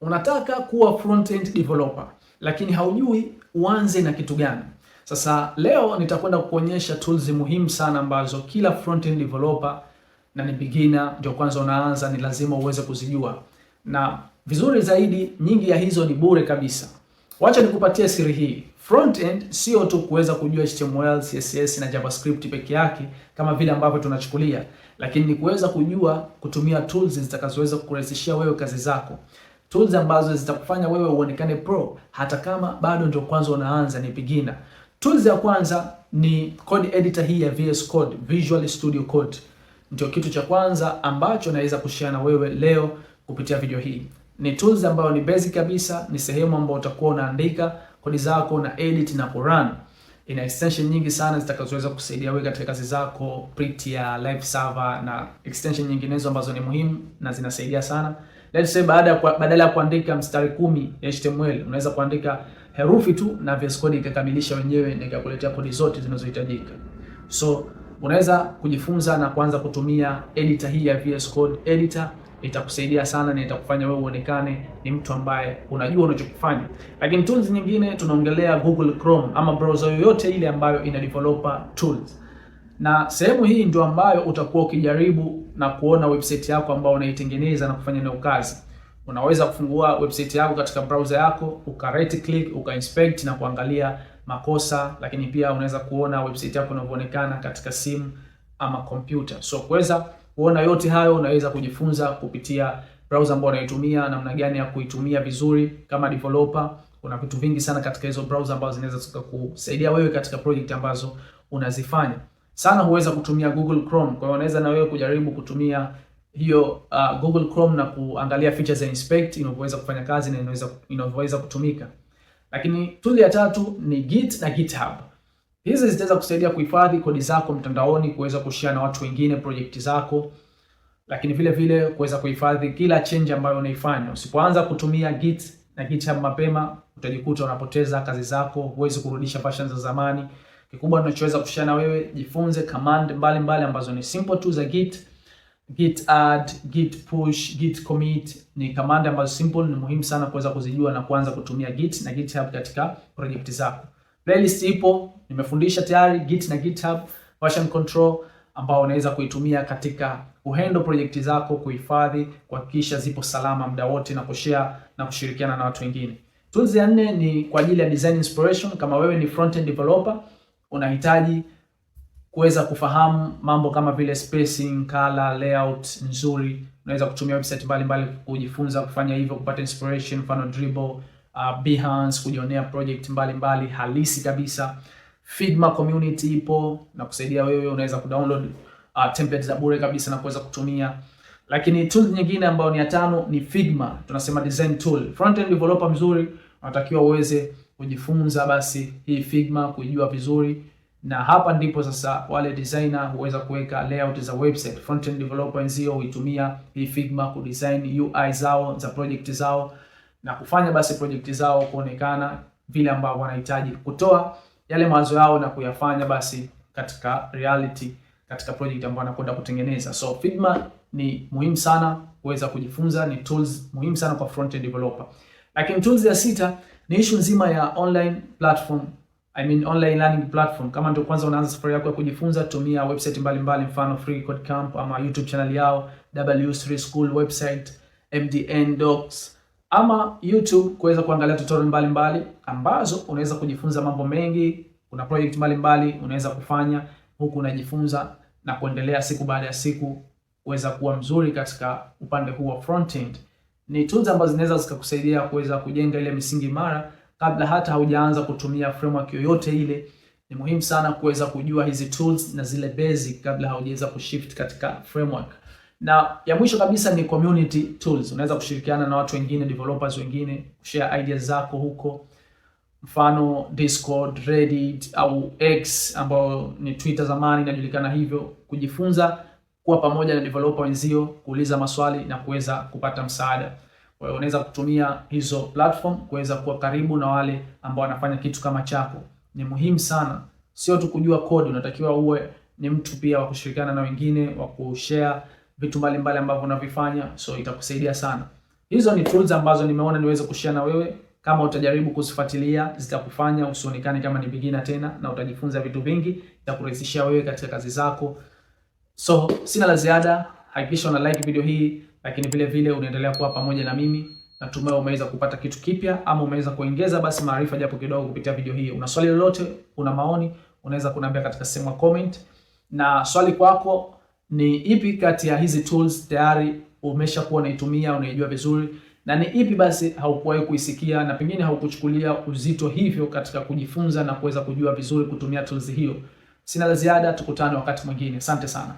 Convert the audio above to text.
Unataka kuwa front end developer lakini haujui uanze na kitu gani. Sasa leo nitakwenda kuonyesha tools muhimu sana ambazo kila front end developer na ni beginner ndio kwanza unaanza, ni lazima uweze kuzijua, na vizuri zaidi, nyingi ya hizo ni bure kabisa. Wacha nikupatie siri hii. Front end sio tu kuweza kujua HTML, CSS na JavaScript peke yake kama vile ambavyo tunachukulia, lakini ni kuweza kujua kutumia tools zitakazoweza kukurahisishia wewe kazi zako tools ambazo zitakufanya wewe uonekane pro hata kama bado ndio kwanza unaanza, ni beginner. Tools ya kwanza ni code editor hii ya VS Code, Visual Studio Code. Ndio kitu cha kwanza ambacho naweza kushare na wewe leo kupitia video hii. Ni tools ambayo ni basic kabisa, ni sehemu ambayo utakuwa unaandika kodi zako na edit na kurun. Ina extension nyingi sana zitakazoweza kusaidia wewe katika kazi zako, print ya live server na extension nyinginezo ambazo ni muhimu na zinasaidia sana. Let's say baada badala ya kuandika mstari kumi ya HTML unaweza kuandika herufi tu na VS Code ikakamilisha wenyewe na ikakuletea kodi zote zinazohitajika. So unaweza kujifunza na kuanza kutumia editor hii ya VS Code editor itakusaidia sana na itakufanya wewe uonekane ni mtu ambaye unajua unachokifanya. Lakini tools nyingine tunaongelea Google Chrome ama browser yoyote ile ambayo ina developer tools, na sehemu hii ndio ambayo utakuwa ukijaribu na kuona website yako ambayo unaitengeneza na kufanya nayo kazi. Unaweza kufungua website yako katika browser yako, uka right click, uka inspect na kuangalia makosa, lakini pia unaweza kuona website yako inavyoonekana katika simu ama kompyuta. So kuweza kuona yote hayo unaweza kujifunza kupitia browser ambayo unaitumia, namna gani ya kuitumia vizuri kama developer. Kuna vitu vingi sana katika hizo browser ambazo zinaweza kukusaidia wewe katika project ambazo unazifanya sana huweza kutumia Google Chrome. Kwa hiyo unaweza na wewe kujaribu kutumia hiyo uh, Google Chrome na kuangalia features and inspect inavyoweza kufanya kazi na inaweza inavyoweza kutumika. Lakini tool ya tatu ni Git na GitHub. Hizi zitaweza kusaidia kuhifadhi kodi zako mtandaoni, kuweza kushare na watu wengine project zako, lakini vile vile kuweza kuhifadhi kila change ambayo unaifanya. Usipoanza kutumia Git na GitHub mapema, utajikuta unapoteza kazi zako, huwezi kurudisha versions za zamani. Kikubwa tunachoweza kushare na wewe, jifunze command mbalimbali ambazo ni simple tu za git git add, git push, git commit ni command ambazo simple, ni muhimu sana kuweza kuzijua na kuanza kutumia git na github katika project zako. Playlist ipo, nimefundisha tayari git na github version control ambao unaweza kuitumia katika kuhandle project zako, kuhifadhi, kuhakikisha zipo salama muda wote na kushare na kushirikiana na watu wengine. Tools ya nne ni kwa ajili ya design inspiration. Kama wewe ni front end developer unahitaji kuweza kufahamu mambo kama vile spacing, color, layout nzuri. Unaweza kutumia website mbalimbali kujifunza kufanya hivyo, kupata inspiration, mfano Dribbble, uh, Behance, kujionea project mbalimbali mbali, halisi kabisa. Figma community ipo na kusaidia wewe, unaweza kudownload uh, templates za bure kabisa na kuweza kutumia. Lakini tool nyingine ambayo ni ya tano ni Figma, tunasema design tool. Front end developer mzuri unatakiwa uweze kujifunza basi hii Figma, kuijua vizuri, na hapa ndipo sasa wale designer huweza kuweka layout za website. Frontend developer wenzio huitumia hii Figma kudesign UI zao za project zao na kufanya basi project zao kuonekana vile ambavyo wanahitaji kutoa yale mawazo yao na kuyafanya basi katika reality katika project ambayo anakwenda kutengeneza. So Figma ni muhimu sana kuweza kujifunza, ni tools muhimu sana kwa front end developer. Lakini tools ya sita ni issue nzima ya online platform. I mean online learning platform. Kama ndio kwanza unaanza safari yako ya kujifunza, tumia website mbalimbali mbali, mfano Free Code Camp ama YouTube channel yao W3 School website, MDN Docs ama YouTube kuweza kuangalia tutorial mbalimbali mbali, ambazo unaweza kujifunza mambo mengi. Kuna project mbalimbali unaweza kufanya huku unajifunza na kuendelea siku baada ya siku kuweza kuwa mzuri katika upande huu wa front end ni tools ambazo zinaweza zikakusaidia kuweza kujenga ile misingi imara kabla hata haujaanza kutumia framework yoyote ile. Ni muhimu sana kuweza kujua hizi tools na zile basic kabla haujaweza kushift katika framework. Na ya mwisho kabisa ni community tools. Unaweza kushirikiana na watu wengine, developers wengine, kushare ideas zako huko, mfano Discord, Reddit au X ambayo ni Twitter zamani inajulikana hivyo, kujifunza kuwa pamoja na developer wenzio, kuuliza maswali na kuweza kupata msaada. Kwa hiyo unaweza kutumia hizo platform kuweza kuwa karibu na wale ambao wanafanya kitu kama chako. Ni muhimu sana, sio tu kujua code, unatakiwa uwe ni mtu pia wa kushirikiana na wengine, wa kushare vitu mbalimbali ambavyo unavifanya, so itakusaidia sana. Hizo ni tools ambazo nimeona niweze kushare na wewe. Kama utajaribu kuzifuatilia, zitakufanya usionekane kama ni beginner tena, na utajifunza vitu vingi, itakurahisishia wewe katika kazi zako. So sina la ziada, hakikisha una like video hii, lakini vile vile unaendelea kuwa pamoja na mimi. Natumai umeweza kupata kitu kipya ama umeweza kuongeza basi maarifa japo kidogo kupitia video hii. Una swali lolote, una maoni, unaweza kuniambia katika sehemu ya comment. Na swali kwako ni ipi kati ya hizi tools tayari umeshakuwa unaitumia, unaijua vizuri na ni ipi basi haukuwahi kuisikia na pengine haukuchukulia uzito hivyo katika kujifunza na kuweza kujua vizuri kutumia tools hiyo. Sina la ziada, tukutane wakati mwingine. Asante sana.